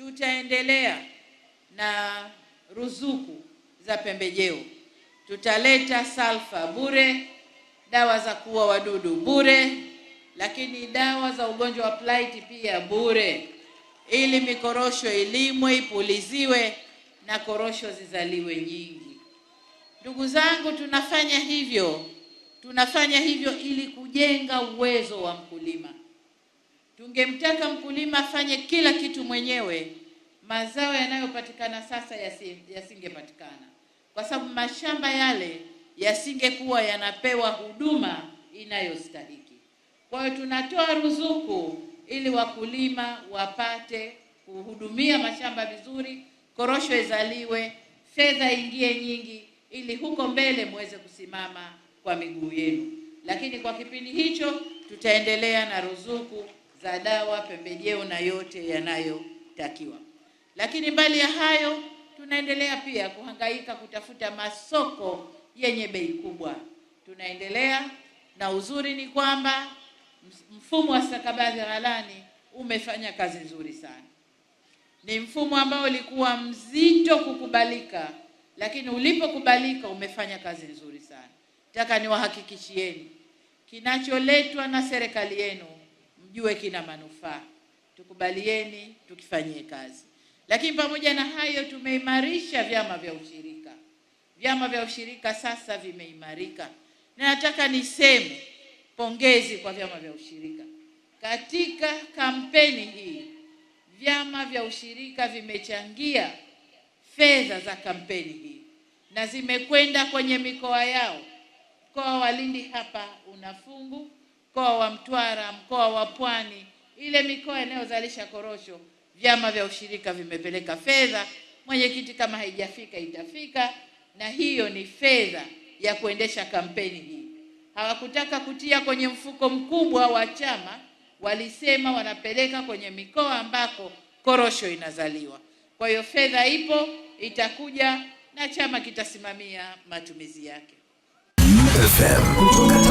tutaendelea na ruzuku za pembejeo, tutaleta salfa bure, dawa za kuua wadudu bure, lakini dawa za ugonjwa wa plaiti pia bure, ili mikorosho ilimwe, ipuliziwe na korosho zizaliwe nyingi. Ndugu zangu, tunafanya hivyo tunafanya hivyo ili kujenga uwezo wa mkulima. Tungemtaka mkulima afanye kila kitu mwenyewe, mazao yanayopatikana sasa yasingepatikana, kwa sababu mashamba yale yasingekuwa yanapewa huduma inayostahiki. Kwa hiyo tunatoa ruzuku ili wakulima wapate kuhudumia mashamba vizuri, korosho izaliwe, fedha ingie nyingi, ili huko mbele muweze kusimama kwa miguu yenu. Lakini kwa kipindi hicho tutaendelea na ruzuku za dawa, pembejeo na yote yanayotakiwa. Lakini mbali ya hayo, tunaendelea pia kuhangaika kutafuta masoko yenye bei kubwa. Tunaendelea na uzuri ni kwamba mfumo wa stakabadhi ghalani umefanya kazi nzuri sana. Ni mfumo ambao ulikuwa mzito kukubalika, lakini ulipokubalika umefanya kazi nzuri sana. Nataka niwahakikishieni kinacholetwa na serikali yenu mjue kina manufaa, tukubalieni tukifanyie kazi. Lakini pamoja na hayo, tumeimarisha vyama vya ushirika. Vyama vya ushirika sasa vimeimarika, na nataka niseme pongezi kwa vyama vya ushirika katika kampeni hii. Vyama vya ushirika vimechangia fedha za kampeni hii na zimekwenda kwenye mikoa yao. Mkoa wa Lindi hapa una fungu mkoa wa Mtwara, mkoa wa Pwani, ile mikoa inayozalisha korosho, vyama vya ushirika vimepeleka fedha. Mwenyekiti, kama haijafika itafika, na hiyo ni fedha ya kuendesha kampeni hii. Hawakutaka kutia kwenye mfuko mkubwa wa chama, walisema wanapeleka kwenye mikoa ambako korosho inazaliwa. Kwa hiyo fedha ipo, itakuja na chama kitasimamia matumizi yake. FM.